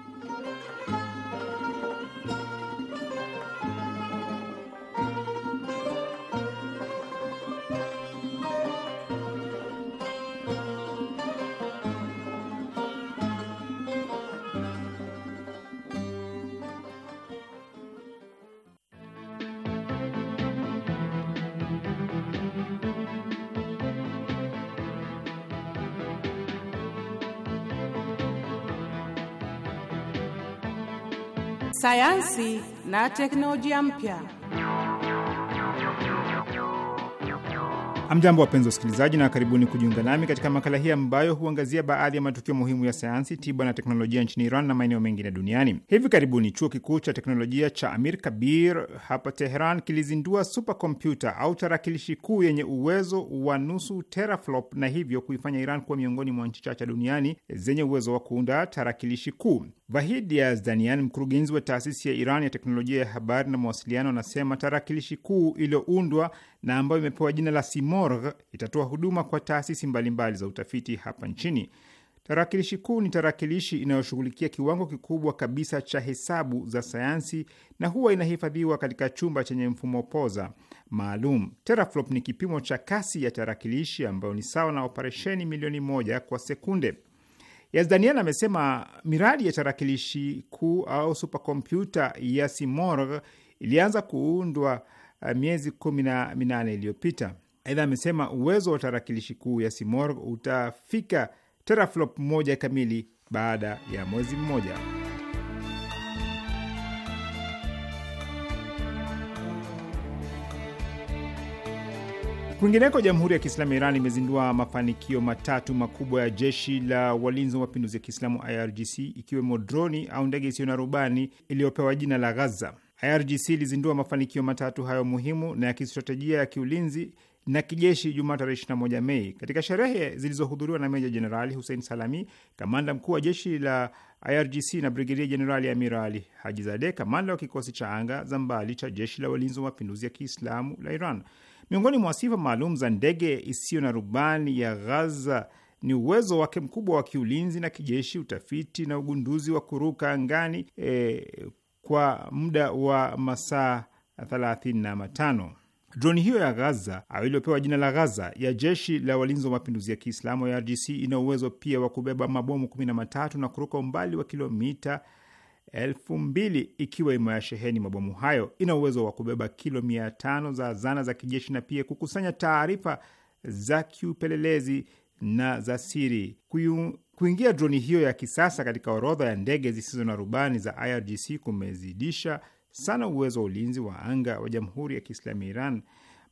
sayansi na teknolojia mpya. Amjambo, wapenzi wasikilizaji, na karibuni kujiunga nami katika makala hii ambayo huangazia baadhi ya matukio muhimu ya sayansi, tiba na teknolojia nchini Iran na maeneo mengine duniani. Hivi karibuni chuo kikuu cha teknolojia cha Amir Kabir hapa Teheran kilizindua supekompyuta au tarakilishi kuu yenye uwezo wa nusu teraflop na hivyo kuifanya Iran kuwa miongoni mwa nchi chache duniani zenye uwezo wa kuunda tarakilishi kuu. Vahid Yazdanian, mkurugenzi wa taasisi ya Iran ya teknolojia ya habari na mawasiliano, anasema tarakilishi kuu iliyoundwa na ambayo imepewa jina la Simorgh itatoa huduma kwa taasisi mbalimbali za utafiti hapa nchini. Tarakilishi kuu ni tarakilishi inayoshughulikia kiwango kikubwa kabisa cha hesabu za sayansi na huwa inahifadhiwa katika chumba chenye mfumo poza maalum. Teraflop ni kipimo cha kasi ya tarakilishi ambayo ni sawa na operesheni milioni moja kwa sekunde. Yazdanian amesema miradi ya tarakilishi kuu au supekompyuta ya Simorgh ilianza kuundwa eh, miezi kumi na minane iliyopita. Aidha amesema uwezo wa tarakilishi kuu ya Simorgh utafika teraflop moja kamili baada ya mwezi mmoja. Kwingineko, Jamhuri ya Kiislamu ya Iran imezindua mafanikio matatu makubwa ya jeshi la walinzi wa mapinduzi ya Kiislamu IRGC, ikiwemo droni au ndege isiyo na rubani iliyopewa jina la Ghaza. IRGC ilizindua mafanikio matatu hayo muhimu na ya kistratejia ya kiulinzi na kijeshi Jumaa tarehe 21 Mei katika sherehe zilizohudhuriwa na Meja Jenerali Hussein Salami, kamanda mkuu wa jeshi la IRGC na Brigedia Jenerali Amir Ali Hajizadeh, kamanda wa kikosi cha anga za mbali cha jeshi la walinzi wa mapinduzi ya Kiislamu la Iran. Miongoni mwa sifa maalum za ndege isiyo na rubani ya Ghaza ni uwezo wake mkubwa wa kiulinzi na kijeshi, utafiti na ugunduzi wa kuruka angani e, kwa muda wa masaa 35. matano. Droni hiyo ya Ghaza au iliyopewa jina la Ghaza ya jeshi la walinzi wa mapinduzi ya Kiislamu ya IRGC ina uwezo pia wa kubeba mabomu kumi na matatu na kuruka umbali wa kilomita elfu mbili ikiwa imeyasheheni mabomu hayo. Ina uwezo wa kubeba kilo mia tano za zana za kijeshi na pia kukusanya taarifa za kiupelelezi na za siri. Kuingia droni hiyo ya kisasa katika orodha ya ndege zisizo na rubani za IRGC kumezidisha sana uwezo wa ulinzi wa anga wa Jamhuri ya Kiislamu ya Iran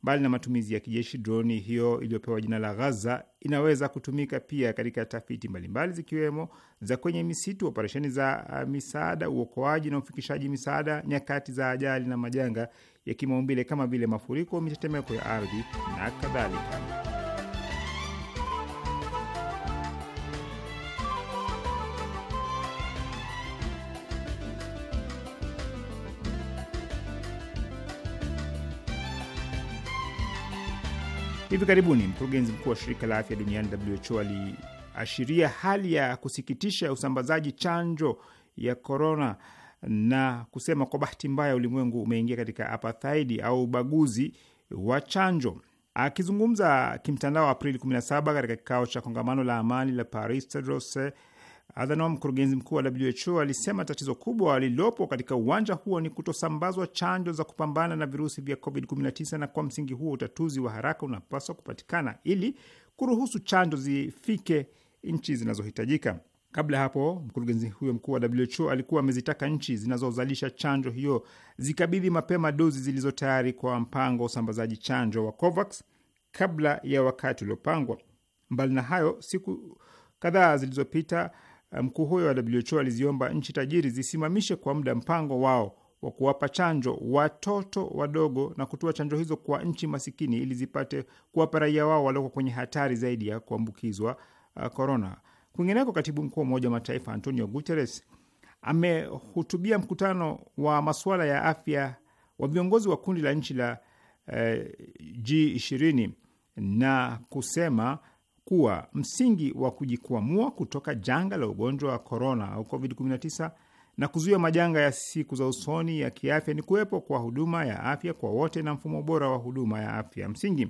Mbali na matumizi ya kijeshi, droni hiyo iliyopewa jina la Ghaza inaweza kutumika pia katika tafiti mbalimbali zikiwemo za kwenye misitu, operesheni za uh, misaada, uokoaji na ufikishaji misaada nyakati za ajali na majanga ya kimaumbile kama vile mafuriko, mitetemeko ya ardhi na kadhalika. Hivi karibuni mkurugenzi mkuu wa shirika la afya duniani WHO aliashiria hali ya kusikitisha ya usambazaji chanjo ya korona na kusema kwa bahati mbaya ulimwengu umeingia katika apathaidi au ubaguzi wa chanjo. Akizungumza kimtandao Aprili 17 katika kikao cha kongamano la amani la Paris, Tedros Adhanom, mkurugenzi mkuu wa WHO, alisema tatizo kubwa lililopo katika uwanja huo ni kutosambazwa chanjo za kupambana na virusi vya COVID-19, na kwa msingi huo utatuzi wa haraka unapaswa kupatikana ili kuruhusu chanjo zifike nchi zinazohitajika. Kabla ya hapo mkurugenzi huyo mkuu wa WHO alikuwa amezitaka nchi zinazozalisha chanjo hiyo zikabidhi mapema dozi zilizo tayari kwa mpango wa usambazaji chanjo wa COVAX kabla ya wakati uliopangwa. Mbali na hayo, siku kadhaa zilizopita mkuu huyo wa WHO aliziomba nchi tajiri zisimamishe kwa muda mpango wao wa kuwapa chanjo watoto wadogo na kutoa chanjo hizo kwa nchi masikini ili zipate kuwapa raia wao walioko kwenye hatari zaidi ya kuambukizwa korona. Uh, kwingineko, katibu mkuu wa Umoja wa Mataifa Antonio Guterres amehutubia mkutano wa masuala ya afya wa viongozi wa kundi la nchi la uh, G20 na kusema kuwa msingi wa kujikwamua kutoka janga la ugonjwa wa korona au COVID-19 na kuzuia majanga ya siku za usoni ya kiafya ni kuwepo kwa huduma ya afya kwa wote na mfumo bora wa huduma ya afya msingi.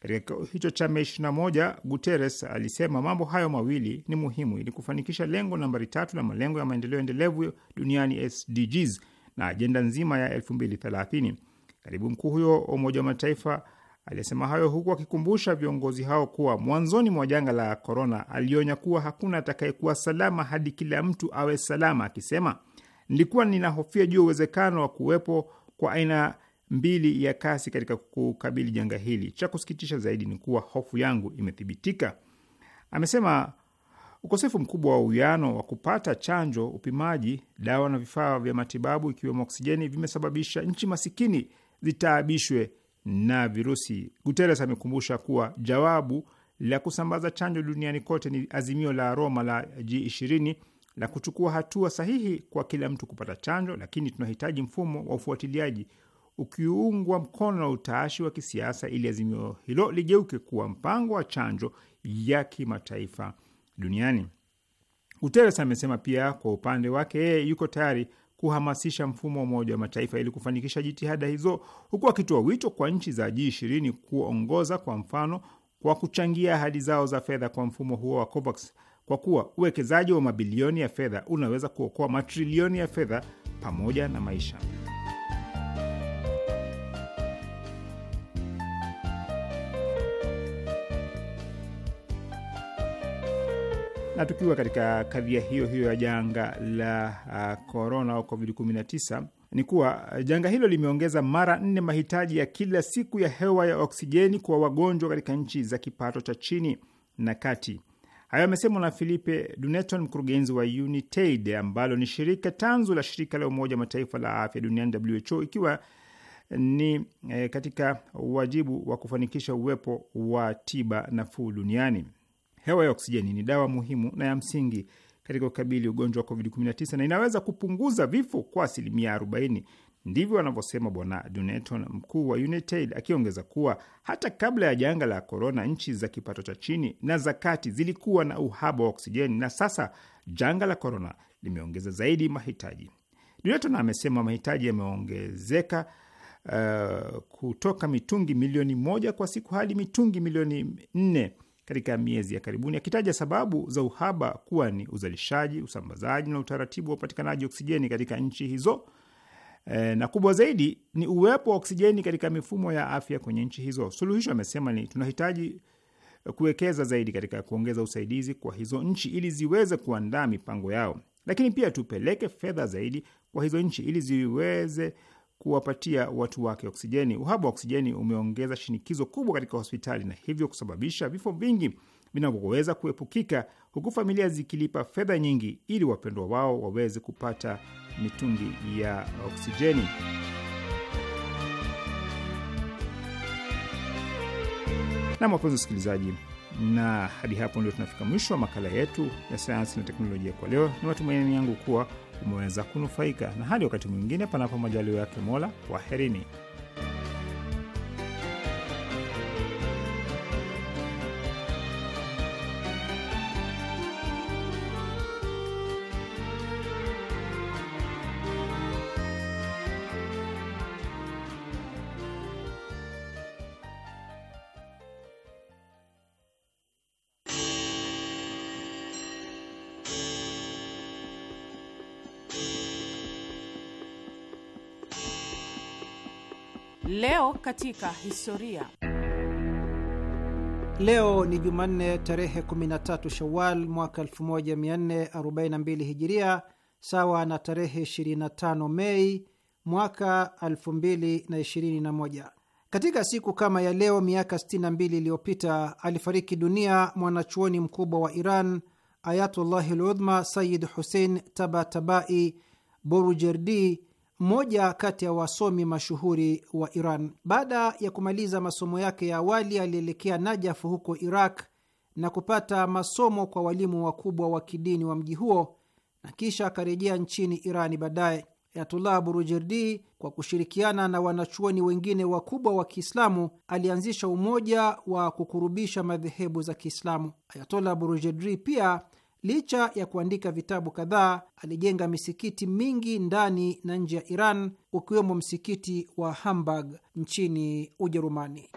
Katika kikao hicho cha Mei 21, Guterres alisema mambo hayo mawili ni muhimu ili kufanikisha lengo nambari tatu la malengo ya maendeleo endelevu duniani SDGs na ajenda nzima ya 2030. Katibu mkuu huyo wa Umoja wa Mataifa Alisema hayo huku akikumbusha viongozi hao kuwa mwanzoni mwa janga la korona alionya kuwa hakuna atakayekuwa salama hadi kila mtu awe salama, akisema nilikuwa ninahofia juu ya uwezekano wa kuwepo kwa aina mbili ya kasi katika kukabili janga hili. Cha kusikitisha zaidi ni kuwa hofu yangu imethibitika, amesema. Ukosefu mkubwa wa uwiano wa kupata chanjo, upimaji, dawa na vifaa vya matibabu ikiwemo oksijeni vimesababisha nchi masikini zitaabishwe na virusi. Guterres amekumbusha kuwa jawabu la kusambaza chanjo duniani kote ni azimio la Roma la G20 la kuchukua hatua sahihi kwa kila mtu kupata chanjo, lakini tunahitaji mfumo wa ufuatiliaji ukiungwa mkono na utashi wa kisiasa ili azimio hilo ligeuke kuwa mpango wa chanjo ya kimataifa duniani. Guterres amesema pia kwa upande wake yeye yuko tayari kuhamasisha mfumo wa Umoja wa Mataifa ili kufanikisha jitihada hizo, huku akitoa wito kwa nchi za G20 kuongoza kwa mfano kwa kuchangia ahadi zao za fedha kwa mfumo huo wa COVAX, kwa kuwa uwekezaji wa mabilioni ya fedha unaweza kuokoa matrilioni ya fedha pamoja na maisha. Na tukiwa katika kadhia hiyo hiyo ya janga la korona uh, au COVID-19 ni kuwa uh, janga hilo limeongeza mara nne mahitaji ya kila siku ya hewa ya oksijeni kwa wagonjwa katika nchi za kipato cha chini na kati. Hayo amesemwa na Filipe Duneton, mkurugenzi wa Unitaid ambalo ni shirika tanzu la shirika la Umoja Mataifa la afya duniani WHO, ikiwa ni eh, katika wajibu wa kufanikisha uwepo wa tiba nafuu duniani. Hewa ya oksijeni ni dawa muhimu na ya msingi katika kukabili ugonjwa wa COVID-19 na inaweza kupunguza vifo kwa asilimia 40. Ndivyo wanavyosema Bwana Duneton, mkuu wa United, akiongeza kuwa hata kabla ya janga la korona, nchi za kipato cha chini na za kati zilikuwa na uhaba wa oksijeni, na sasa janga la korona limeongeza zaidi mahitaji. Duneton amesema mahitaji yameongezeka uh, kutoka mitungi milioni moja kwa siku hadi mitungi milioni nne katika miezi ya karibuni, akitaja sababu za uhaba kuwa ni uzalishaji, usambazaji na utaratibu wa upatikanaji oksijeni katika nchi hizo e, na kubwa zaidi ni uwepo wa oksijeni katika mifumo ya afya kwenye nchi hizo. Suluhisho amesema ni tunahitaji kuwekeza zaidi katika kuongeza usaidizi kwa hizo nchi ili ziweze kuandaa mipango yao, lakini pia tupeleke fedha zaidi kwa hizo nchi ili ziweze kuwapatia watu wake oksijeni. Uhaba wa oksijeni umeongeza shinikizo kubwa katika hospitali na hivyo kusababisha vifo vingi vinavyoweza kuepukika, huku familia zikilipa fedha nyingi ili wapendwa wao waweze kupata mitungi ya oksijeni. Nam, wapenzi wasikilizaji, na hadi hapo ndio tunafika mwisho wa makala yetu ya sayansi na teknolojia kwa leo. Ni matumaini yangu kuwa umeweza kunufaika. Na hadi wakati mwingine, panapo majaliwa yake Mola, kwaherini. Leo katika historia. Leo ni Jumanne tarehe 13 Shawal mwaka 1442 Hijiria, sawa na tarehe 25 Mei mwaka 2021. Katika siku kama ya leo miaka 62 iliyopita alifariki dunia mwanachuoni mkubwa wa Iran Ayatullahi Ludhma Sayid husein Tabatabai Borujerdi, mmoja kati ya wasomi mashuhuri wa Iran. Baada ya kumaliza masomo yake ya awali, alielekea Najafu huko Iraq na kupata masomo kwa walimu wakubwa wa kidini wa mji huo na kisha akarejea nchini Irani baadaye. Ayatullah Burujerdi kwa kushirikiana na wanachuoni wengine wakubwa wa Kiislamu alianzisha umoja wa kukurubisha madhehebu za Kiislamu. Ayatollah Burujerdi pia Licha ya kuandika vitabu kadhaa, alijenga misikiti mingi ndani na nje ya Iran, ukiwemo msikiti wa Hamburg nchini Ujerumani.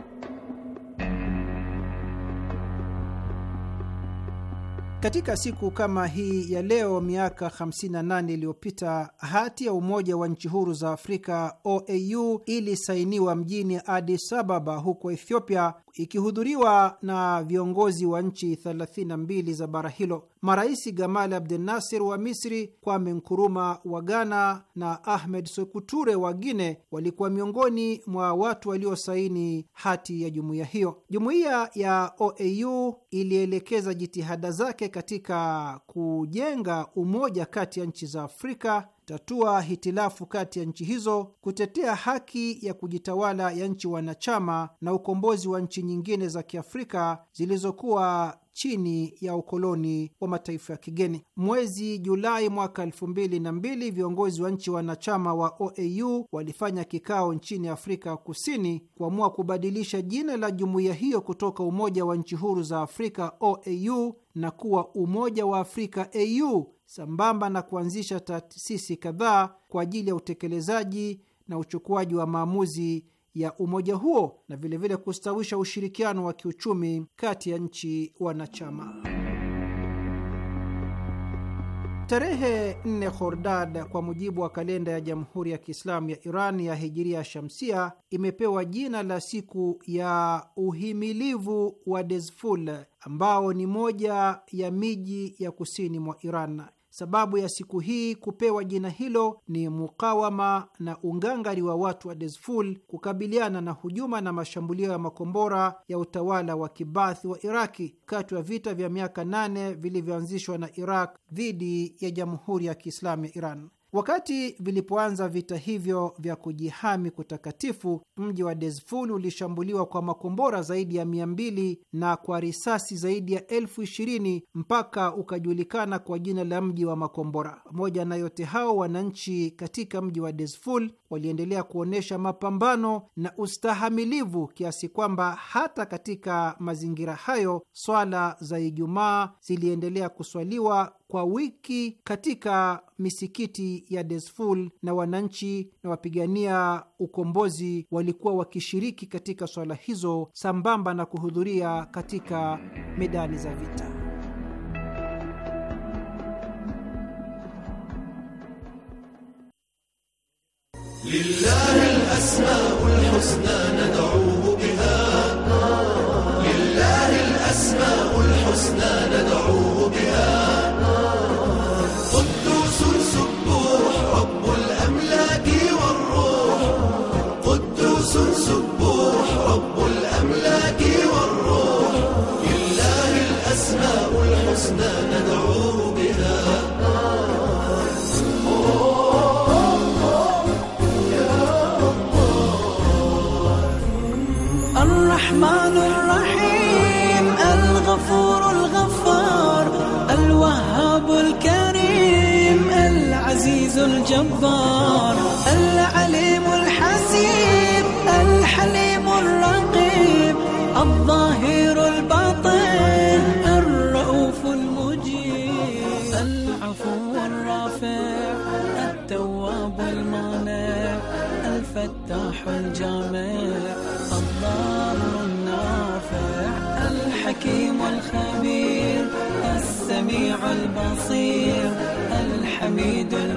Katika siku kama hii ya leo miaka 58 iliyopita hati ya Umoja wa Nchi Huru za Afrika OAU ilisainiwa mjini Addis Ababa huko Ethiopia, ikihudhuriwa na viongozi wa nchi 32 za bara hilo marais Gamal Abdel Nasser wa Misri, Kwame Nkuruma wa Ghana na Ahmed Sekuture wa Guine walikuwa miongoni mwa watu waliosaini hati ya jumuiya hiyo. Jumuiya ya OAU ilielekeza jitihada zake katika kujenga umoja kati ya nchi za Afrika, tatua hitilafu kati ya nchi hizo, kutetea haki ya kujitawala ya nchi wanachama na ukombozi wa nchi nyingine za Kiafrika zilizokuwa chini ya ukoloni wa mataifa ya kigeni. Mwezi Julai mwaka elfu mbili na mbili, viongozi wa nchi wanachama wa OAU walifanya kikao nchini Afrika Kusini kuamua kubadilisha jina la jumuiya hiyo kutoka Umoja wa Nchi Huru za Afrika OAU na kuwa Umoja wa Afrika AU sambamba na kuanzisha taasisi kadhaa kwa ajili ya utekelezaji na uchukuaji wa maamuzi ya umoja huo na vilevile vile kustawisha ushirikiano wa kiuchumi kati ya nchi wanachama. Tarehe nne Khordad kwa mujibu wa kalenda ya Jamhuri ya Kiislamu ya Iran ya hijiria shamsia imepewa jina la siku ya uhimilivu wa Dezful ambao ni moja ya miji ya kusini mwa Iran. Sababu ya siku hii kupewa jina hilo ni mukawama na ungangari wa watu wa Dezful kukabiliana na hujuma na mashambulio ya makombora ya utawala wa kibathi wa Iraki kati ya vita vya miaka nane vilivyoanzishwa na Iraq dhidi ya Jamhuri ya Kiislamu ya Iran. Wakati vilipoanza vita hivyo vya kujihami kutakatifu, mji wa Dezful ulishambuliwa kwa makombora zaidi ya mia mbili na kwa risasi zaidi ya elfu ishirini mpaka ukajulikana kwa jina la mji wa makombora. Pamoja na yote hao, wananchi katika mji wa Dezful waliendelea kuonyesha mapambano na ustahamilivu kiasi kwamba hata katika mazingira hayo swala za Ijumaa ziliendelea kuswaliwa kwa wiki katika misikiti ya Desful na wananchi na wapigania ukombozi walikuwa wakishiriki katika swala hizo sambamba na kuhudhuria katika medani za vita. لله الأسماء الحسنى ندعوه بها لله الأسماء الحسنى ندعوه الجبار العليم الحسيب الحليم الرقيب الظاهر الباطن الرؤوف المجيب العفو الرافع التواب المانع الفتاح الجامع الضار النافع الحكيم الخبير السميع البصير الحميد الم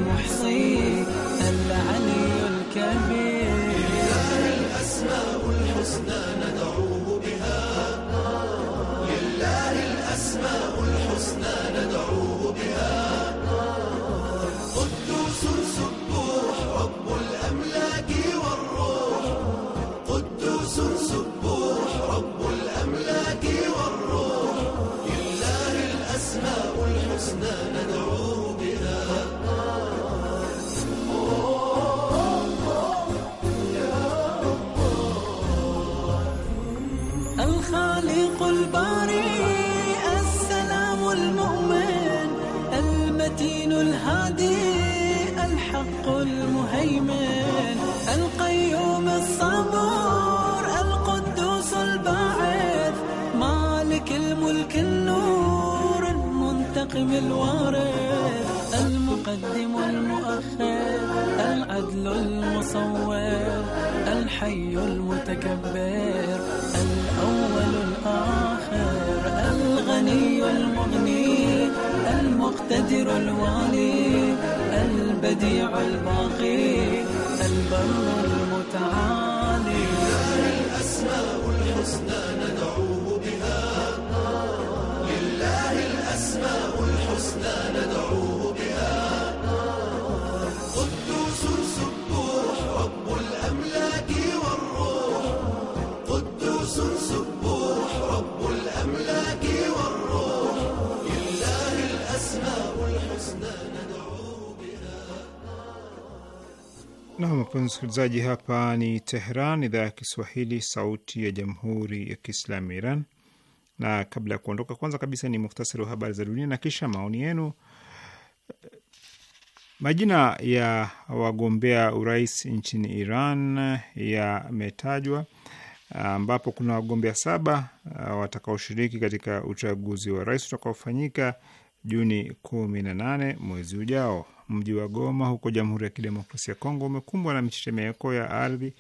العلي الكبير لله الأسماء الحسنى ندعوه بها لله الأسماء الحسنى ندعوه wasikilizaji, hapa ni Tehran, idhaa ya Kiswahili, sauti ya jamhuri ya kiislamu ya Iran. Na kabla ya kuondoka, kwanza kabisa ni muhtasari wa habari za dunia na kisha maoni yenu. Majina ya wagombea urais nchini Iran yametajwa, ambapo kuna wagombea saba uh, watakaoshiriki katika uchaguzi wa rais utakaofanyika Juni kumi na nane mwezi ujao. Mji wa Goma huko Jamhuri ya Kidemokrasia ya Kongo umekumbwa na mitetemeko ya ardhi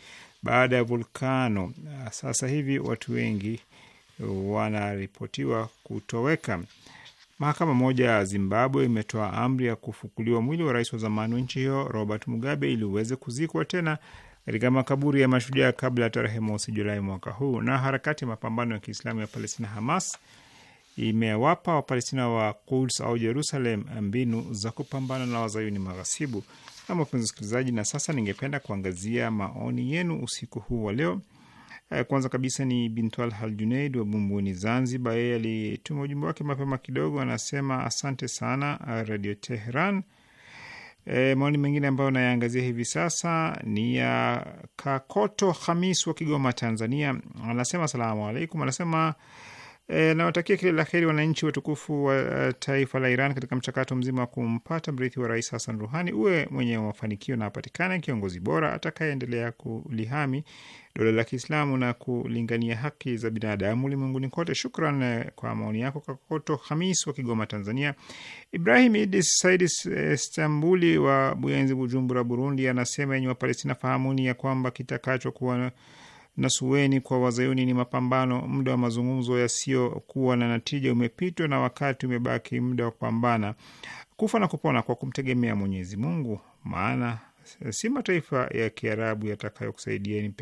baada ya vulkano. Sasa hivi watu wengi wanaripotiwa kutoweka. Mahakama moja ya Zimbabwe imetoa amri ya kufukuliwa mwili wa rais wa zamani wa nchi hiyo Robert Mugabe ili uweze kuzikwa tena katika makaburi ya mashujaa kabla ya tarehe mosi Julai mwaka huu. Na harakati ya mapambano ya Kiislamu ya Palestina Hamas imewapa Wapalestina wa Quds au Jerusalem mbinu za kupambana na wazayuni maghasibu. Na mpenzi msikilizaji, na sasa ningependa kuangazia maoni yenu usiku huu wa leo. Eh, kwanza kabisa ni Bintwal Haljuneid wa Bumbuni, Zanzibar. Yeye alituma ujumbe wake mapema kidogo, anasema asante sana eh, Radio Tehran. E, eh, maoni mengine ambayo nayaangazia hivi sasa ni ya Kakoto Hamis wa Kigoma, Tanzania. Anasema asalamu alaikum, anasema E, nawatakia kila la heri wananchi watukufu wa uh, taifa la Iran katika mchakato mzima wa kumpata mrithi wa Rais Hassan Ruhani. Uwe mwenye mafanikio na apatikane kiongozi bora atakayeendelea kulihami dola la Kiislamu na kulingania haki za binadamu ulimwenguni kote. Shukran uh, kwa maoni yako Kakoto Hamis wa Kigoma, Tanzania. Ibrahim Idis Said uh, Stambuli wa Buyenzi, Bujumbura, Burundi, anasema, yenye Wapalestina, fahamuni ya kwamba kitakachokuwa na Suweni kwa Wazayuni ni mapambano. Muda wa mazungumzo yasiyokuwa na natija umepitwa na wakati umebaki muda wa kupambana, kufa na kupona kwa kumtegemea Mwenyezi Mungu, maana si mataifa ya Kiarabu yatakayokusaidieni.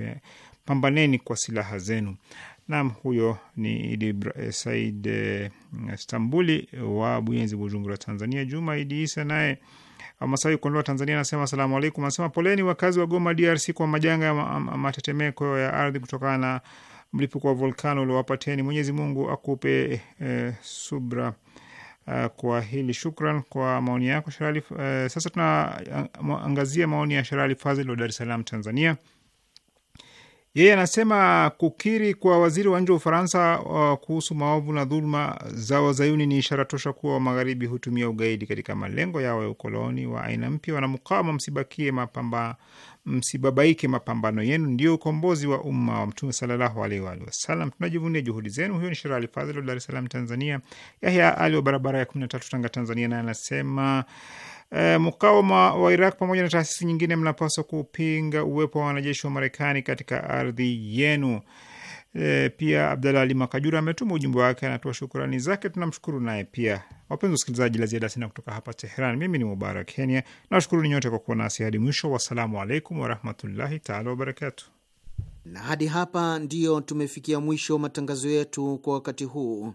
Pambaneni kwa silaha zenu. Naam, huyo ni Idi eh, Said eh, Stambuli wa Buyenzi, Bujumbura, Tanzania. Juma Idi Isa naye Masawi Kondoa, Tanzania anasema asalamu alaikum. Anasema poleni wakazi wa Goma, DRC kwa majanga ya matetemeko ya ardhi kutokana na mlipuko wa volkano uliowapateni. Mwenyezi Mungu akupe eh, subra Uh, kwa hili shukran kwa maoni yako Sharali. Uh, sasa tunaangazia eh, maoni ya Sharali Fazil wa Dar es Salaam, Tanzania. Yeye anasema kukiri kwa waziri wa nje wa Ufaransa uh, kuhusu maovu na dhuluma za wazayuni ni ishara tosha kuwa wa magharibi hutumia ugaidi katika malengo yao ya ukoloni wa aina mpya. wanamkawama msibakie mapamba, msibabaike, mapambano yenu ndio ukombozi wa umma wa Mtume sallallahu alaihi wa alihi wasallam. Tunajivunia juhudi zenu. Huyo ni Sherali Fadhil wa Dar es Salaam, Tanzania. Yahya Ali wa barabara ya kumi na tatu, Tanga, Tanzania, naye anasema E, mukawama wa Iraq pamoja na taasisi nyingine mnapaswa kupinga uwepo wa wanajeshi wa Marekani katika ardhi yenu. E, pia Abdalla Ali Makajura ametuma ujumbe wake, anatoa shukurani zake, tunamshukuru naye pia. Wapenzi wasikilizaji, la ziada sina kutoka hapa Tehran. Mimi ni Mubarak Kenya, ni nyote kwa kuwa nasi hadi mwisho. Wassalamu alaikum warahmatullahi taala wabarakatu Na hadi hapa ndiyo tumefikia mwisho matangazo yetu kwa wakati huu.